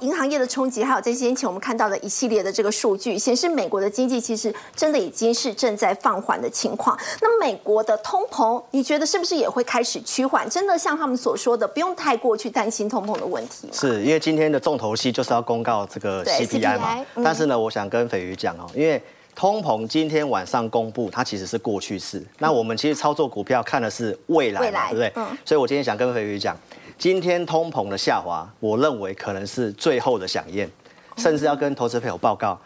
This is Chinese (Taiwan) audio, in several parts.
銀行業的衝擊，還有這幾天前我們看到的一系列的這個數據，顯示美國的經濟其實真的已經是正在放緩的情況。那美國的通膨，你覺得是不是也會開始趨緩？真的像他們所說的，不用太過去擔心通膨的問題？是因為今天的重頭戲就是要公告這個 CPI 嘛？CPI，嗯、但是呢，我想跟斐瑜講哦，因為通膨今天晚上公布，它其實是過去式。那我們其實操作股票看的是未來，未來嗯、對不對？嗯。所以我今天想跟斐瑜講。今天通膨的下滑，我認為可能是最後的饗宴，甚至要跟投資朋友報告，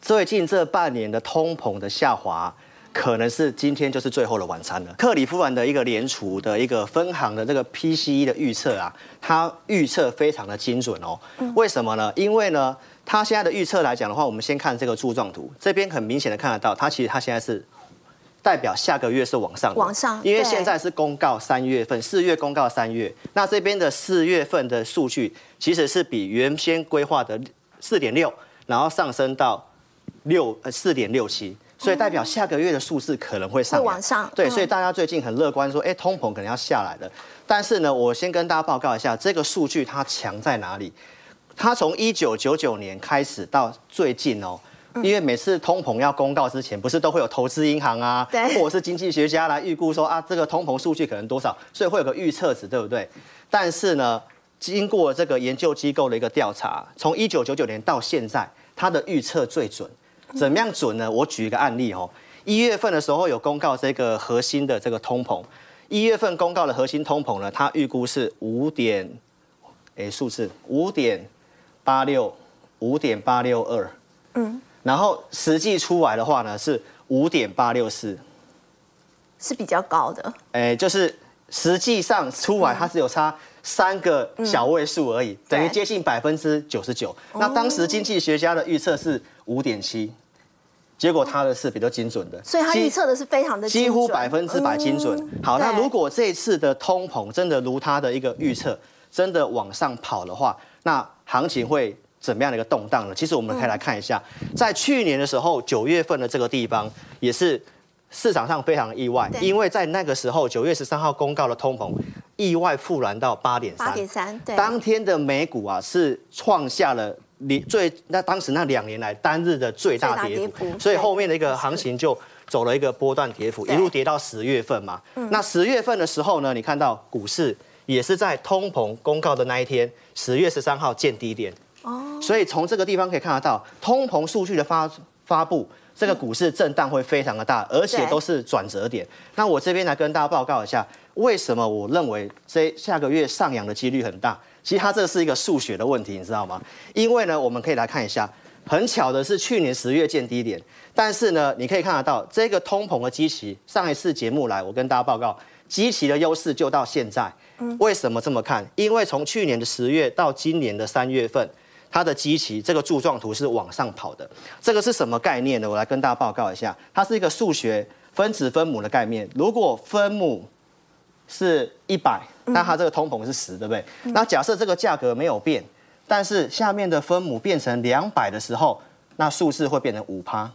最近這半年的通膨的下滑，可能是今天就是最後的晚餐了。克里夫蘭的一個聯儲的一個分行的這個 PCE 的預測啊，它預測非常的精準哦。為什麼呢？因為呢，它現在的預測來講的話，我們先看這個柱狀圖，這邊很明顯的看得到，它其實它現在是。代表下個月是往上，往上，因為現在是公告三月份，四月公告三月，那這邊的四月份的數據其實是比原先規劃的四點六，然後上升到六呃四點六七，所以代表下個月的數字可能會上，嗯、對會往上，對、嗯，所以大家最近很樂觀說，哎，通膨可能要下來了，但是呢，我先跟大家報告一下這個數據它強在哪裡，它從一九九九年開始到最近哦。因為每次通膨要公告之前，不是都會有投資銀行啊，對或者是經濟學家來預估說啊，這個通膨數據可能多少，所以會有個預測值，對不對？但是呢，經過這個研究機構的一個調查，從一九九九年到現在，它的預測最準。怎麼樣準呢？我舉一個案例哦，一月份的時候有公告這個核心的這個通膨，一月份公告的核心通膨呢，它預估是五點，哎，數字五點八六，五點八六二，嗯。然後實際出來的話呢，是五點八六四，是比較高的。哎，就是實際上出來它只有差三個小位數而已，嗯、等於接近百分之九十九。對那當時經濟學家的預測是五點七，嗯、結果他的是比較精準的，所以他預測的是非常的幾乎百分之百精準。精準。嗯、好，對那如果這一次的通膨真的如他的一個預測，真的往上跑的話，那行情會？什麼樣的一個動盪呢？其實我們可以來看一下，在去年的時候，九月份的這個地方也是市場上非常意外，對因為在那個時候，九月十三號公告的通膨意外復燃到八點三，八點三，對。當天的美股啊是創下了你最那當時那兩年來單日的最大跌幅，跌幅。所以後面的一個行情就走了一個波段跌幅，對一路跌到十月份嘛。嗯，那十月份的時候呢，你看到股市也是在通膨公告的那一天，十月十三號見低點。所以從這個地方可以看得到，通膨數據的發發布，這個股市震盪會非常的大，而且都是轉折點。對那我這邊來跟大家報告一下，為什麼我認為這下個月上揚的幾率很大？其實它這是一個數學的問題，你知道嗎？因為呢，我們可以來看一下，很巧的是去年十月見低點，但是呢，你可以看得到這個通膨的基期。上一次節目來，我跟大家報告，基期的優勢就到現在。嗯、為什麼這麼看？因為從去年的十月到今年的三月份。它的基期，這個柱狀圖是往上跑的，這個是什麼概念呢？我來跟大家報告一下，它是一個數學分子分母的概念。如果分母是100，、嗯、那它這個通膨是10，對不對？嗯、那假設這個價格沒有變，但是下面的分母變成200的時候，那數字會變成5%，趴。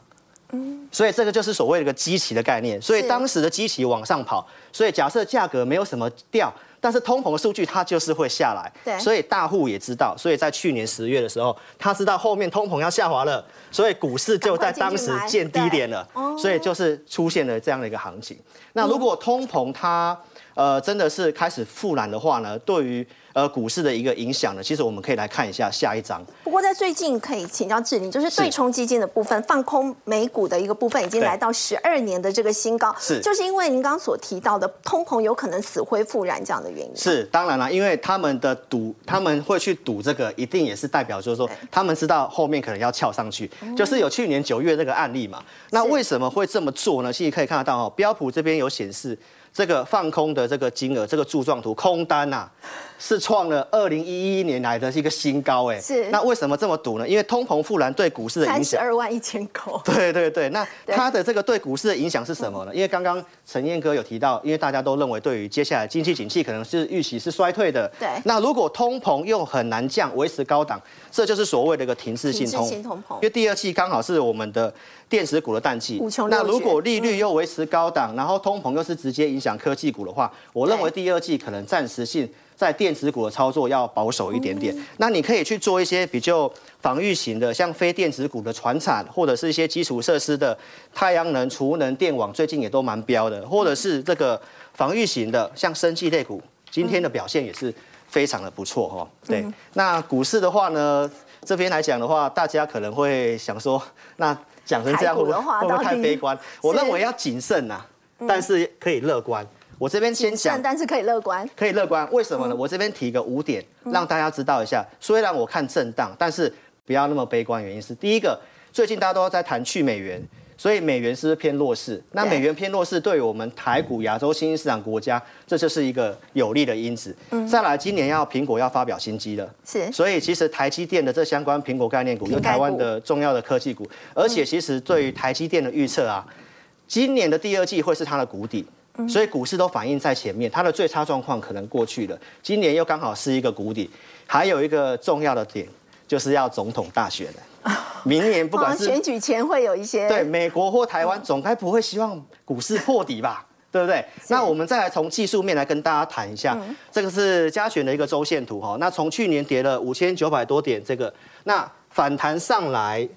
嗯、所以這個就是所謂的個基期的概念。所以當時的基期往上跑，所以假設價格沒有什麼掉。但是通膨的數據它就是會下來。對所以大戶也知道，所以在去年十月的時候，他知道後面通膨要下滑了，所以股市就在當時見低點了，嗯、所以就是出現了這樣的一個行情。那如果通膨它、呃、真的是開始復燃的話呢，嗯、對於、呃、股市的一個影響呢，其實我們可以來看一下下一章。不過在最近可以請教智霖，就是對沖基金的部分是放空美股的一個部分已經來到十二年的這個新高，是對就是因為您剛剛所提到的通膨有可能死灰復燃這樣的。是，當然了，因為他們的賭，他們會去賭這個，一定也是代表，就是說，他們知道後面可能要翹上去，就是有去年九月這個案例嘛。那為什麼會這麼做呢？其實可以看得到，哦，哈，標普這邊有顯示。這個放空的這個金額，這個柱狀圖空單吶、啊，是創了二零一一年來的一個新高，哎，是。那為什麼這麼賭呢？因為通膨復燃對股市的影響。三十二萬一千口。對對對，那它的這個對股市的影響是什麼呢？對因為剛剛陳燕哥有提到，因為大家都認為對於接下來經濟景氣可能是預期是衰退的。對。那如果通膨又很難降，維持高檔，這就是所謂的一個停滯性，性通膨。因為第二季剛好是我們的。電子股的淡季，那如果利率又維持高檔，嗯、然後通膨又是直接影響科技股的話，我認為第二季可能暫時性在電子股的操作要保守一點點。嗯、那你可以去做一些比較防禦型的，像非電子股的傳產，或者是一些基礎設施的太陽能、儲能、電網，最近也都蠻飆的。或者是這個防禦型的，像生技類股，今天的表現也是非常的不錯哈。嗯、對，那股市的話呢，這邊來講的話，大家可能會想說，那。講成這樣子會不會太悲觀？我認為要謹慎啊，是嗯、但是可以樂觀。我這邊先講，但是可以樂觀，可以樂觀。為什麼呢？嗯、我這邊提個五點，讓大家知道一下。嗯、雖然我看震盪，但是不要那麼悲觀。原因是第一個，最近大家都在談去美元。所以美元是不是偏弱勢？那美元偏弱勢對於我們台股、亞洲新興市場國家，這就是一個有利的因子。再來，今年要蘋果要發表新機了，是，所以其實台積電的這相關蘋果概念股，因台灣的重要的科技股，而且其實對於台積電的預測啊，今年的第二季會是它的谷底，所以股市都反映在前面，它的最差狀況可能過去了，今年又剛好是一個谷底，還有一個重要的點。就是要總統大選了，明年不管是選舉前會有一些對美國或台灣總該不會希望股市破底吧，對不對？那我們再來從技術面來跟大家談一下，這個是加權的一個周線圖哈。那從去年跌了五千九百多點，這個那反彈上來，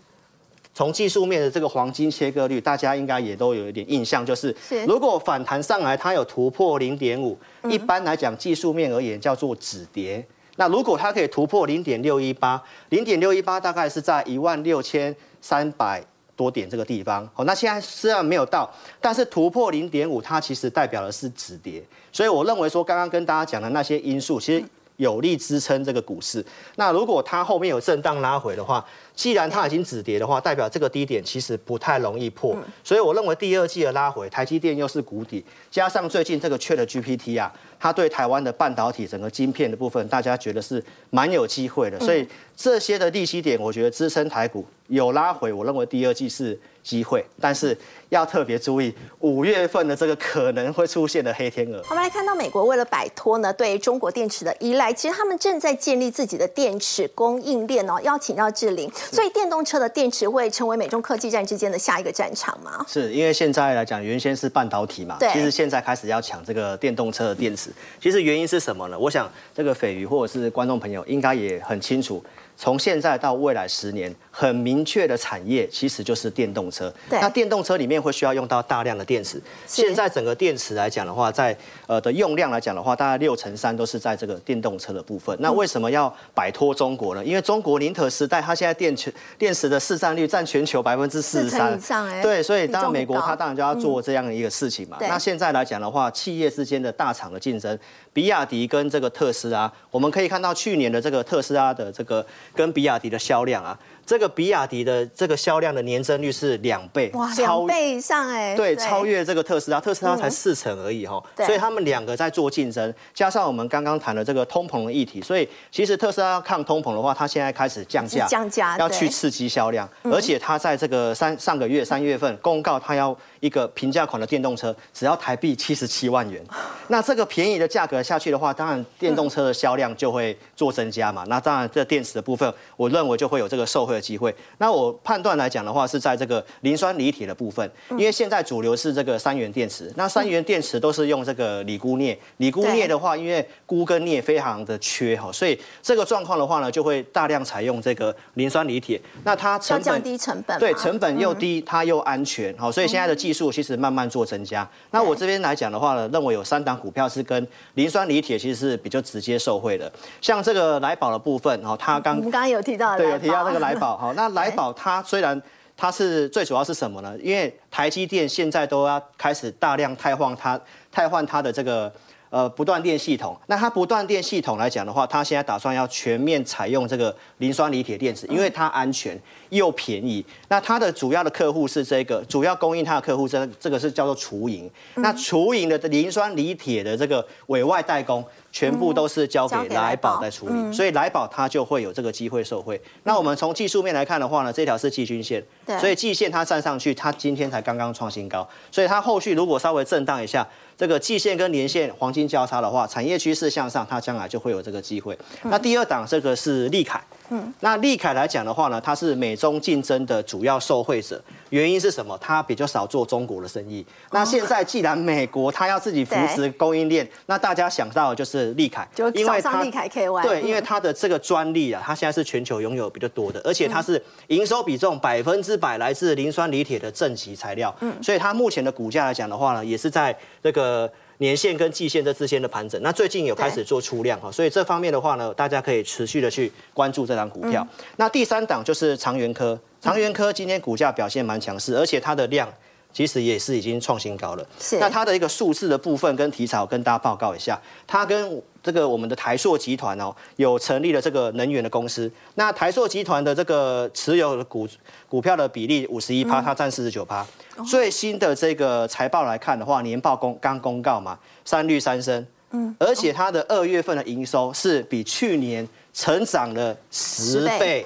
從技術面的這個黃金切割率，大家應該也都有一點印象，就是如果反彈上來它有突破零點五，一般來講技術面而言叫做止跌。那如果它可以突破零點六一八，零點六一八大概是在一萬六千三百多點這個地方。好，那現在雖然沒有到，但是突破零點五，它其實代表的是止跌。所以我認為說，剛剛跟大家講的那些因素，其實，有力支撐這個股市。那如果它後面有震盪拉回的話，既然它已經止跌的話，代表這個低點其實不太容易破。所以我認為第二季的拉回，台積電又是谷底，加上最近這個 ChatGPT 啊，它對台灣的半導體整個晶片的部分，大家覺得是蠻有機會的。所以。這些的利息點，我覺得支撐台股有拉回，我認為第二季是機會，但是要特別注意五月份的這個可能會出現的黑天鵝。我們來看到美國為了擺脫呢對中國電池的依賴，其實他們正在建立自己的電池供應鏈哦，邀請到智霖，是所以電動車的電池會成為美中科技戰之間的下一個戰場嗎？是因為現在來講，原先是半導體嘛，對其實現在開始要搶這個電動車的電池，其實原因是什麼呢？我想這個斐魚或者是觀眾朋友應該也很清楚。從現在到未來十年，很明確的產業其實就是電動車。對那電動車裡面會需要用到大量的電池。是現在整個電池來講的話，在呃的用量來講的話，大概六成三都是在這個電動車的部分。嗯、那為什麼要擺脫中國呢？因為中國林特時代寧德時代它現在電池電池的市佔率佔全球百分之四十三。對，所以當然美國它當然就要做這樣的一個事情嘛。嗯、那現在來講的話，企業之間的大廠的競爭，比亞迪跟這個特斯拉，我們可以看到去年的這個特斯拉的這個。跟比亞迪的銷量啊，這個比亞迪的這個銷量的年增率，是兩倍，哇，超、兩倍以上哎、欸，對，對超越這個特斯拉，嗯、特斯拉才四成而已哈、哦，對所以他們兩個在做競爭，加上我們剛剛談的這個通膨的議題，所以其實特斯拉要抗通膨的話，它現在開始降價，降價要去刺激銷量，對而且它在這個三上個月、嗯、三月份公告，它要。一個平價款的電動車只要台幣七十七萬元，那這個便宜的價格下去的話，當然電動車的銷量就會做增加嘛。那當然這電池的部分，我認為就會有這個受惠的機會。那我判斷來講的話，是在這個磷酸鋰鐵的部分，因為現在主流是這個三元電池。嗯、那三元電池都是用這個鋰鈷鎳，鋰鈷鎳的話，對因為鈷跟鎳非常的缺哈，所以這個狀況的話呢，就會大量採用這個磷酸鋰鐵。那它成本降低成本，對成本又低，嗯、它又安全，好，所以現在的技數其實慢慢做增加，那我這邊來講的話呢，對認為有三檔股票是跟磷酸鋰鐵其實是比較直接受惠的，像這個來寶的部分，哦，他剛我們剛剛有提到的對，有提到這個來寶，好， 那來寶它雖然它是最主要是什麼呢？因為台積電現在都要開始大量汰換它，汰換它的這個。呃，不斷電系統，那它不斷電系統來講的話，它現在打算要全面採用這個磷酸鋰鐵電池，因為它安全又便宜。嗯、那它的主要的客戶是這個，主要供應它的客戶，這這個是叫做除銀。嗯、那除銀的磷酸鋰鐵的這個委外代工，全部都是交給來寶在處理，寶嗯、所以來寶它就會有這個機會受惠。嗯、那我們從技術面來看的話呢，這條是季均線，對所以季線它站上去，它今天才剛剛創新高，所以它後續如果稍微震盪一下。這個季線跟年線黃金交叉的話，產業趨勢向上，它將來就會有這個機會。那第二檔這個是利凱。嗯，那立凱來講的話呢，它是美中競爭的主要受惠者，原因是什麼？它比較少做中國的生意。那現在既然美國它要自己扶持供應鏈，對那大家想到的就是立凱，上立凱因為它對，因為它的這個專利啊，它現在是全球擁有比較多的，而且它是營收比重百分之百來自磷酸鋰鐵的正極材料，嗯，所以它目前的股價來講的話呢，也是在這個。年線跟季線這之間的盤整，那最近有開始做出量哈，對所以這方面的話呢，大家可以持續的去關注這檔股票。嗯、那第三檔就是長園科，長園科今天股價表現蠻強勢，而且它的量。其實也是已經創新高了。是，那它的一個數字的部分跟題材，我跟大家報告一下。它跟這個我們的台塑集團哦、喔，有成立了這個能源的公司。那台塑集團的這個持有股股票的比例五十一趴，它占四十九趴。嗯、最新的這個財報來看的話，年報公剛公告嘛，三率三升。嗯，而且它的二月份的營收是比去年成長了十倍，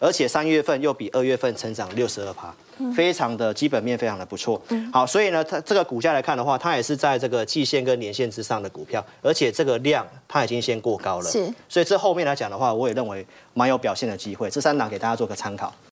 而且三月份又比二月份成長六十二趴，非常的基本面非常的不錯，好，所以呢，它這個股價來看的話，它也是在這個季線跟年線之上的股票，而且這個量它已經先過高了，是，所以這後面來講的話，我也認為蠻有表現的機會，這三檔給大家做個參考。